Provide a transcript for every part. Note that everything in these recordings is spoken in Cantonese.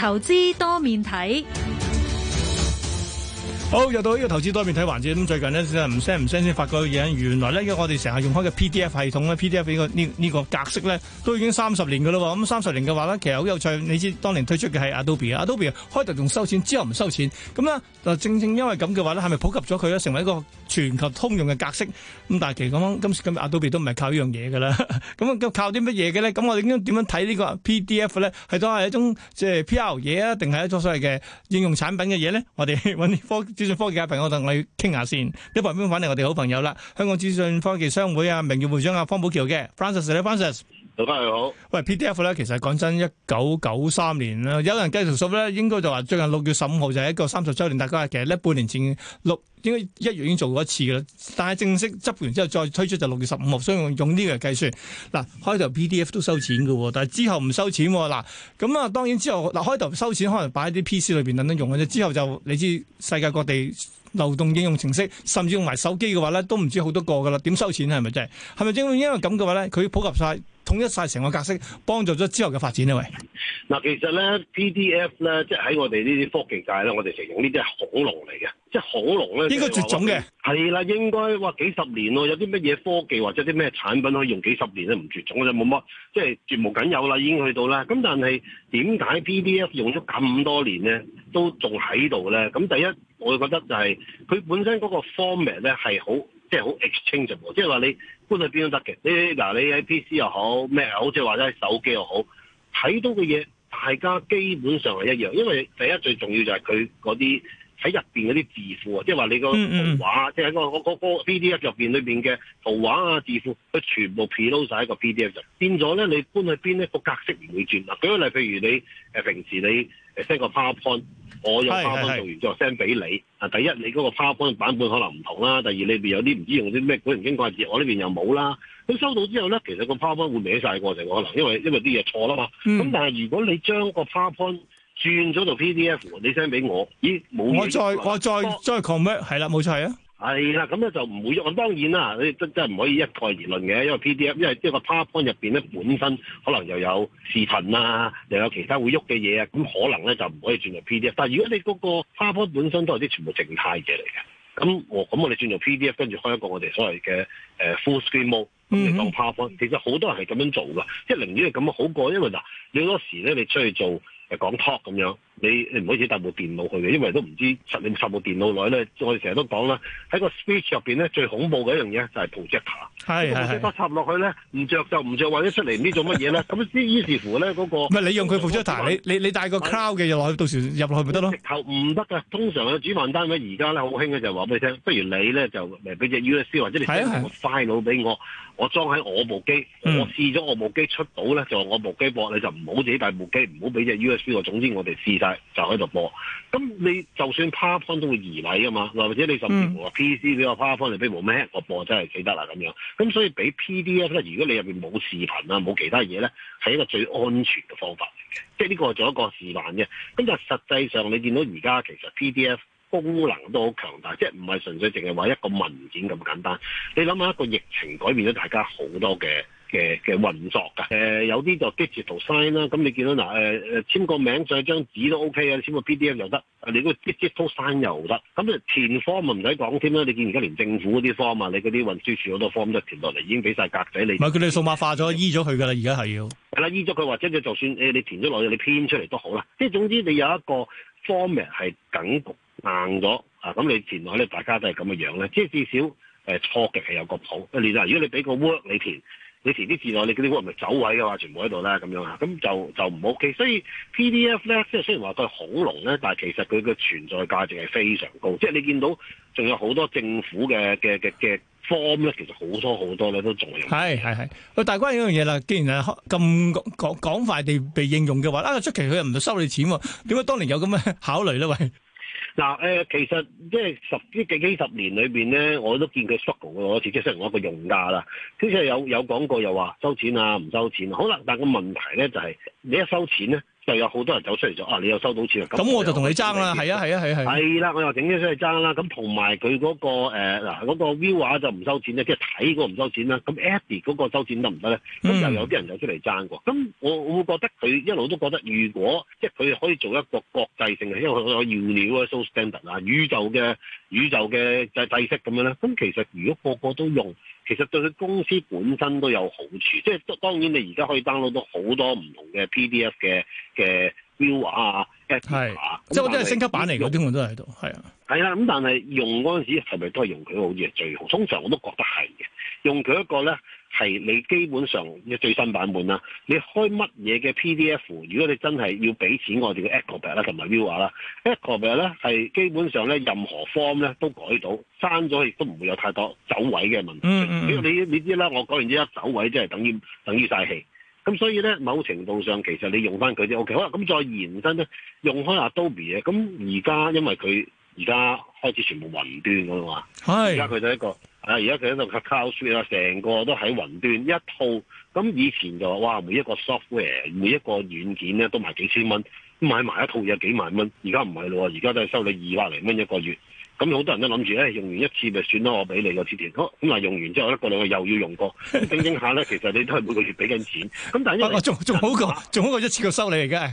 投資多面睇。好，又到呢個投資多面睇環節，咁最近呢，唔 s 唔 s 先發個嘢。原來呢，因為我哋成日用開嘅 PDF 系統呢 p d f 呢呢呢個格式呢，都已經三十年噶啦。咁三十年嘅話呢，其實好有趣，你知當年推出嘅係 Adobe a d o b e 開頭仲收錢，之後唔收錢。咁呢，就正正因為咁嘅話呢，係咪普及咗佢成為一個全球通用嘅格式？咁但係其實咁今次今日 Adobe 都唔係靠呢樣嘢噶啦，咁 咁靠啲乜嘢嘅呢？咁我哋應該點樣睇呢個 PDF 呢？係都係一種即係 PR 嘢啊，定係一種所謂嘅應用產品嘅嘢呢？我哋揾啲科資訊科技界朋友同我哋傾下先，談談，呢邊，邊訪問我哋好朋友啦，香港資訊科技商會啊，名譽會長啊，方寶橋嘅 Francis Francis 喂，PDF 咧，其實講真，一九九三年咧，有人計條數咧，應該就話最近六月十五號就係一個三十周年，大家其實呢半年前六，應該一月已經做過一次噶啦，但係正式執完之後再推出就六月十五號，所以用呢個計算。嗱，開頭 PDF 都收錢噶，但係之後唔收錢。嗱，咁啊，當然之後嗱開頭收錢，可能擺喺啲 PC 裏邊等等用嘅啫，之後就你知世界各地。流動應用程式甚至用埋手機嘅話咧，都唔知好多個噶啦，點收錢？係咪真係？係咪正？因為咁嘅話咧，佢普及晒，統一晒成個格式，幫助咗之後嘅發展呢？喂嗱，其實咧 PDF 咧，即係喺我哋呢啲科技界咧，我哋形容呢啲係恐龍嚟嘅，即係恐龍咧。應該絕種嘅係啦，應該話，幾十年咯，有啲乜嘢科技或者啲咩產品可以用幾十年都唔絕種，我就冇乜即係絕無僅有啦，已經去到啦。咁但係點解 PDF 用咗咁多年咧，都仲喺度咧？咁第一。我覺得就係佢本身嗰個 format 咧，係好即係好 exchangeable，即係話你搬去邊都得嘅。你嗱，你喺 PC 又好咩又好，即係或者喺手機又好，睇到嘅嘢大家基本上係一樣。因為第一最重要就係佢嗰啲喺入邊嗰啲字庫啊，即係話你個圖畫，即、mm、係 -hmm. 個我嗰個 PDF 入邊裏邊嘅圖畫啊字庫，佢全部 pile 到曬喺個 PDF 入，變咗咧你搬去邊咧個格式唔會轉啊。舉個例，譬如你誒平時你誒 send 個 PowerPoint。我用 PowerPoint 做完再 send 俾你。啊，第一你嗰個 PowerPoint 版本可能唔同啦，第二你邊有啲唔知用啲咩古靈精怪字，我呢邊又冇啦。佢收到之後咧，其實個 PowerPoint 會歪晒過成可能因，因為因為啲嘢錯啦嘛。咁、嗯、但係如果你將個 PowerPoint 轉咗做 PDF，你 send 俾我，咦冇？我再我再再 comment，係啦，冇錯啊。係、哎、啦，咁咧就唔會喐。當然啦，你真真係唔可以一概而論嘅，因為 PDF，因為即係個 PowerPoint 入面咧本身可能又有視頻啊，又有其他會喐嘅嘢啊，咁可能咧就唔可以轉做 PDF。但係如果你嗰個 PowerPoint 本身都係啲全部靜態嘅嚟嘅，咁、哦、我咁我哋轉做 PDF，跟住開一個我哋所謂嘅、呃、full screen mode 你、mm -hmm。當 PowerPoint。其實好多人係咁樣做㗎，即係寧願係咁樣好過，因為嗱，你好多時咧你出去做。誒，講 talk 咁樣，你你唔可以帶部電腦去嘅，因為都唔知實你入部電腦內咧，我哋成日都講啦，喺個 speech 入邊咧最恐怖嘅一樣嘢就係 projector。係、哎，係，係。插落去咧，唔着就唔着，或者出嚟唔知做乜嘢咧。咁 於是乎咧、那個，嗰個唔係你用佢付出台，你、那、你、個、你帶個 cloud 嘅入落去，到時入落去咪得咯。直頭唔得噶。通常嘅主辦單位而家咧好興嘅就話俾你聽，不如你咧就誒俾隻 USB 或者你 send 個 file 俾我，是啊是啊我裝喺我部機。嗯、我試咗我部機出到咧，就我部機播你就唔好自己帶部機，唔好俾隻 USB。總之我哋試晒，就喺度播。咁你就算 PowerPoint 都會移位啊嘛，或者你甚至乎啊 PC 俾我 PowerPoint 俾我咩？我播真係死得啦咁樣。咁所以俾 PDF 咧，如果你入面冇視頻啊，冇其他嘢咧，係一個最安全嘅方法嚟嘅。即係呢個做一個示範啫。咁就實際上你見到而家其實 PDF 功能都好強大，即係唔係純粹淨係話一個文件咁簡單。你諗下一個疫情改變咗大家好多嘅。嘅嘅運作㗎、呃，有啲就 digital sign 啦、啊，咁你見到嗱誒誒簽個名上張紙都 OK 啊，簽個 PDF 又得、啊，你嗰個 digital sign 又得，咁、嗯、你填 form 咪唔使講添啦，你見而家連政府嗰啲 form 啊，你嗰啲運輸處好多 form 都填落嚟，已經俾晒格仔你。唔係佢哋數碼化咗，依咗佢㗎啦，而家係要係啦，依咗佢或者係就算你填咗落去，你編出嚟都好啦，即係總之你有一個 form 係緊硬咗啊，咁你填落去大家都係咁嘅樣咧，即、啊、係至少誒、呃、錯極係有個譜，你、啊、如果你俾個 Word 你填。你填啲字落，你嗰啲位咪走位嘅話，全部喺度啦，咁樣啊，咁就就唔 OK 所以 PDF 咧，即係雖然話佢好濃咧，但係其實佢嘅存在價值係非常高。即係你見到仲有好多政府嘅嘅嘅嘅 form 咧，其實好多好多咧都仲用。係係係，喂，但關於嗰樣嘢啦，既然係咁廣快地被應用嘅話，啊出奇佢又唔收你錢，點解當年有咁嘅考慮咧？喂？嗱，其實即係十呢幾，幾十年裏面咧，我都見佢縮過，即我自己縮唔到一個用家啦。佢即係有有講過，又話收錢啊，唔收錢。好啦，但個問題咧就係、是，你一收錢咧。又有好多人走出嚟咗啊！你又收到錢咁、啊、我就同你爭啦，係啊係啊係啊，係啦、啊啊啊，我又整咗出嚟爭啦。咁同埋佢嗰個誒嗱嗰個 view 就唔收錢咧，即係睇嗰個唔收錢啦。咁 Adi 嗰個收錢得唔得咧？咁又有啲人又出嚟爭過。咁我我會覺得佢一路都覺得，如果即係佢可以做一個國際性嘅，因為佢有要料啊 universal standard 啊，宇宙嘅。宇宙嘅制制式咁樣咧，咁其實如果個個都用，其實對佢公司本身都有好處，即係當然你而家可以 download 到好多唔同嘅 PDF 嘅嘅 View 啊，即係嗰啲係升級版嚟嘅，啲我都喺度，係啊，係啊，咁但係用嗰陣時係咪都係用佢好似係最好？通常我都覺得係嘅，用佢一個咧。係你基本上嘅最新版本啦。你開乜嘢嘅 PDF？如果你真係要俾錢我，我哋嘅 Adobe 啦同埋 Viewer 啦，Adobe 咧係基本上咧任何 form 咧都改到刪咗，亦都唔會有太多走位嘅問題。Mm -hmm. 因為你你知啦，我講完之後走位即係等於等於晒氣。咁所以咧，某程度上其實你用翻佢先 OK。好啦，咁再延伸咧，用開 Adobe 嘅，咁而家因為佢而家開始全部雲端噶嘛，而家佢就一個。啊！而家佢喺度靠書啊，成個都喺雲端一套。咁以前就話哇，每一個 software 每一個軟件咧都賣幾千蚊，買埋一套嘢幾萬蚊。而家唔係咯，而家都係收你二百零蚊一個月。咁好多人都諗住、欸、用完一次咪算咯，我俾你個貼錢。咁，但用完之後一個兩個又要用過，整整下咧，其實你都係每個月俾緊錢。咁但係我仲仲好過，仲好過一次過收你而家。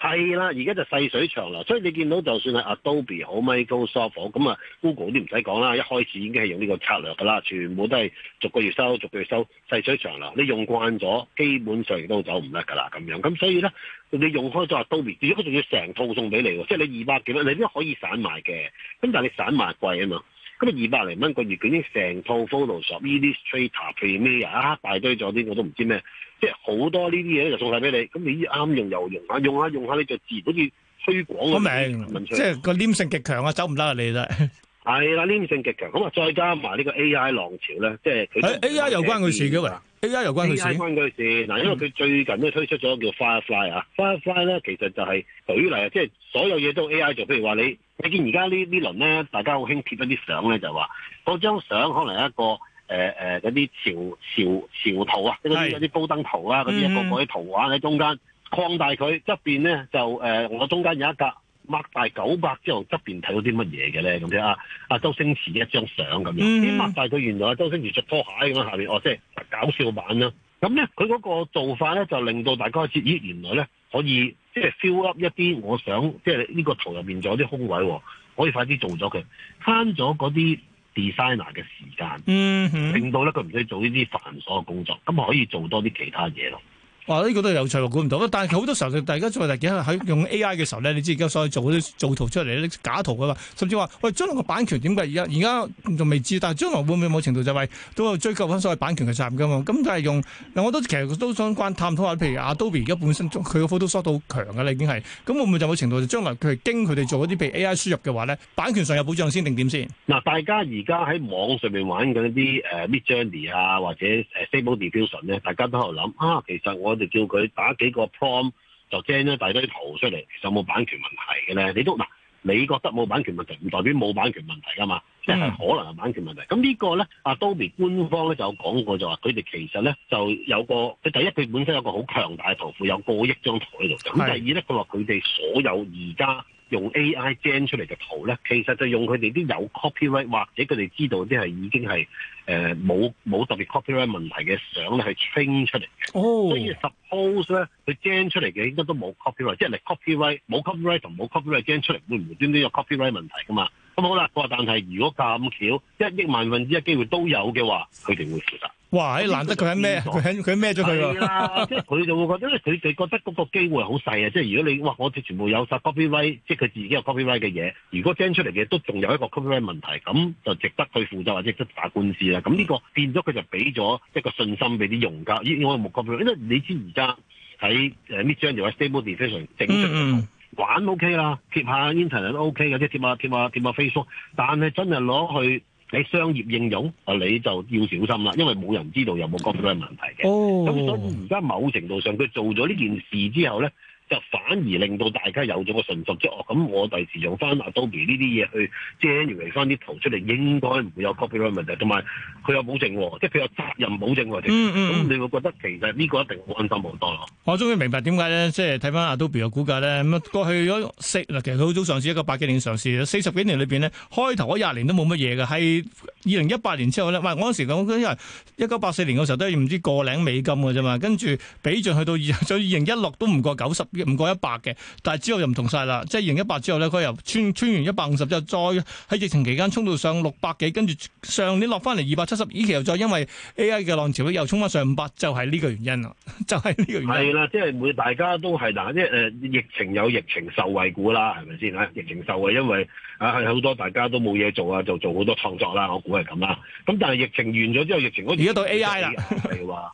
係啦，而家就細水長流，所以你見到就算係 Adobe 好，Microsoft 咁啊，Google 啲唔使講啦，一開始已經係用呢個策略㗎啦，全部都係逐個月收，逐個月收，細水長流。你用慣咗，基本上亦都走唔甩㗎啦，咁樣。咁所以咧，你用開咗 Adobe，仲要成套送俾你喎，即係你二百幾蚊，你都可以散賣嘅。咁但係你散賣貴啊嘛。咁啊，二百零蚊個月，佢已經成套 Photoshop、Illustrator，譬如咩啊，一大堆咗啲我都唔知咩，即係好多呢啲嘢就送晒俾你。咁你啱用又用，啊用下用下你就自然好似推廣咁，即係個黏性極強啊，走唔得啊你啦，就是。 係啦，黏性極強。咁啊，再加埋呢個 AI 浪潮咧，即係。其實、欸、AI 又關佢事嘅喎，AI 又關佢事。AI 關佢事嗱、嗯，因為佢最近都推出咗叫 Firefly 啊，Firefly 咧其實就係、是、舉例啊，即係所有嘢都 AI 做。譬如話你，你見而家呢呢輪咧，大家好興貼一啲相咧，就話嗰張相可能係一個誒誒嗰啲潮潮潮圖啊，即係嗰啲嗰啲高登圖啊，嗰啲個個啲圖畫喺中間擴、嗯、大佢側邊咧就誒、呃，我中間有一格。擘大九百之後，側邊睇到啲乜嘢嘅咧咁啫啊！啊周星馳嘅一張相咁樣，啲擘大佢，mm-hmm，原來啊周星馳着拖鞋咁樣下面哦，即係搞笑版啦。咁咧佢嗰個做法咧就令到大家開始，咦，原來咧可以即係 fill up 一啲我想即係呢個圖入面仲有啲空位，可以快啲做咗佢，慳咗嗰啲 designer 嘅時間，mm-hmm，令到咧佢唔使做呢啲繁瑣嘅工作，咁啊可以做多啲其他嘢咯。話呢、呢個都係有趣，路估唔到，但係好多時候，大家做嚟。幾日喺用 AI 嘅時候咧，你知而家所謂做嗰啲造圖出嚟啲假圖啊嘛，甚至話喂將來個版權點解而家而家仲未知，但係將來會唔會某程度就係、是、都追究翻所謂版權嘅責任嘅嘛？咁但係用嗱，我都其實都想關探討下，譬如 Adobe 而家本身佢嘅 Photoshop 都好強嘅啦，已經係咁，會唔會就某程度就將來佢經佢哋做嗰啲譬如 AI 輸入嘅話咧，版權上有保障先定點先？嗱，大家而家喺網上面玩緊啲誒 Midjourney 啊，或者誒 Stable Diffusion 咧，大家都喺度諗啊，其實我。就 叫佢打幾個 prompt 就 send 咗大堆圖出嚟，就有冇版權問題嘅咧？你都嗱、啊，你覺得冇版，版、就是、版權問題，唔代表冇版權問題噶嘛，即係可能係版權問題。咁呢個咧，Adobe 官方咧就有講過就話，佢哋其實咧就有個，佢第一佢本身有個好強大嘅圖庫，有過億張圖喺度。咁第二咧，佢話佢哋所有而家。用 AI generate 出嚟嘅圖咧，其實就用佢哋啲有 copyright 或者佢哋知道啲係已經係誒冇冇特別 copyright 問題嘅相咧，去 train 出嚟嘅。所以 suppose 咧，佢 generate 出嚟嘅應該都冇 copyright，即係你 copyright 冇 copyright 同冇 copyright generate 出嚟，會唔會端端有 copyright 問題㗎嘛？咁好啦，佢話但係如果咁巧一億萬分之一機會都有嘅話，佢哋會負責。哇！唉，難得佢喺咩？佢喺佢喺咩咗佢係啦，即係佢就會覺得佢就覺得嗰個機會好細啊！即係如果你哇，我哋全部有晒 copy right 即係佢自己有 copy right 嘅嘢，如果掟出嚟嘅都仲有一個 copy right 問題，咁就值得佢負責或者即打官司啦。咁、嗯、呢個變咗佢就俾咗一個信心俾啲用家。咦，我又冇 copy，因為你知而家喺 Midjourney 又話 Stable Diffusion，非常正常。嗯嗯，玩 OK 啦，貼下 Internet 都 OK 嘅，即係貼下貼下貼下 Facebook，但係真係攞去。你商業應用啊，你就要小心啦，因為冇人知道有冇咁多問題嘅。咁、oh. 所以而家某程度上，佢做咗呢件事之後呢。就反而令到大家有咗個信心，即係咁，哦、我第時用翻 Adobe 呢啲嘢去 generate 翻啲圖出嚟，應該唔會有 copyright 問題，同埋佢有保證喎，即係佢有責任保證喎。嗯咁、嗯、你會覺得其實呢個一定安心好多咯。我終於明白點解咧，即係睇翻 Adobe 嘅股價咧，咁啊過去咗四嗱，其實佢好早上市一九八幾年上市，四十幾年裏邊咧，開頭嗰廿年都冇乜嘢嘅。係二零一八年之後咧，喂、哎，我嗰陣時講嗰啲係一九八四年嘅時候都係唔知個零美金㗎啫嘛，跟住比盡去到二，再二零一六都唔過九十。唔過一百嘅，但係之後又就唔同晒啦，即係二零一八之後咧，佢又穿穿完一百五十，就再喺疫情期間衝到上六百幾，跟住上年落翻嚟二百七十，以期又再因為 A I 嘅浪潮又衝翻上五百，就係呢個原因啦，就係、是、呢個原因。係啦，即係每大家都係嗱，即誒，疫情有疫情受惠股啦，係咪先啊？疫情受惠，因為啊係好多大家都冇嘢做啊，就做好多創作啦，我估係咁啦。咁但係疫情完咗之後，疫情嗰而家到 A I 啦。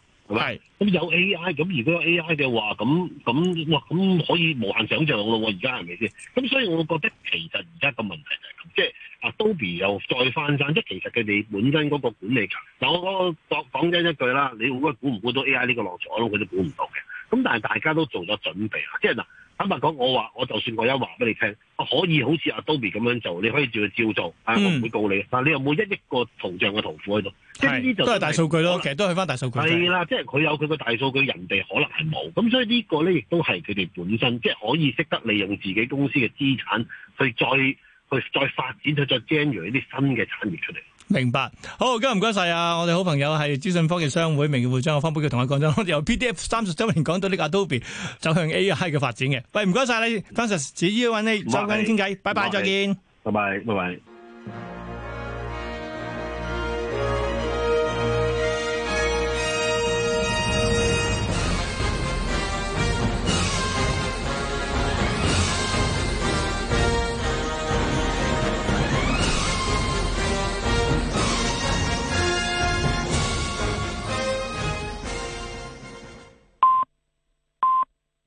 係，咁有 A I，咁如果有 A I 嘅話，咁咁哇咁可以無限想象咯，而家係咪先？咁所以我覺得其實而家個問題就係，即係 Adobe 又再翻山，即係其實佢哋本身嗰個管理層，嗱我講講真一句啦，你估估唔估到 A I 呢個浪潮咧？佢都估唔到嘅。咁但係大家都做咗準備啦，即係嗱。坦白講，我話我就算我一話話俾你聽，我可以好似阿 Adobe 咁樣做，你可以照照做，啊、嗯、我唔會告你。但你有冇一億個圖像嘅圖庫喺度？即係呢就都係大數據咯，其實都係翻大，就是大數據。係啦，即係佢有佢嘅大數據，人哋可能係冇。咁、嗯、所以個呢個咧亦都係佢哋本身，即係可以識得利用自己公司嘅資產去再去再發展，去再 generate 啲新嘅產業出嚟。明白，好，今日唔該晒啊！我哋好朋友係資訊科技商會名譽會長我方保僑同我講咗，我由 PDF 三十周年講到呢個 Adobe 走向 AI 嘅發展嘅，喂，唔該晒你，Francis，只要揾你，收緊傾偈。拜拜，再見，拜拜，拜拜。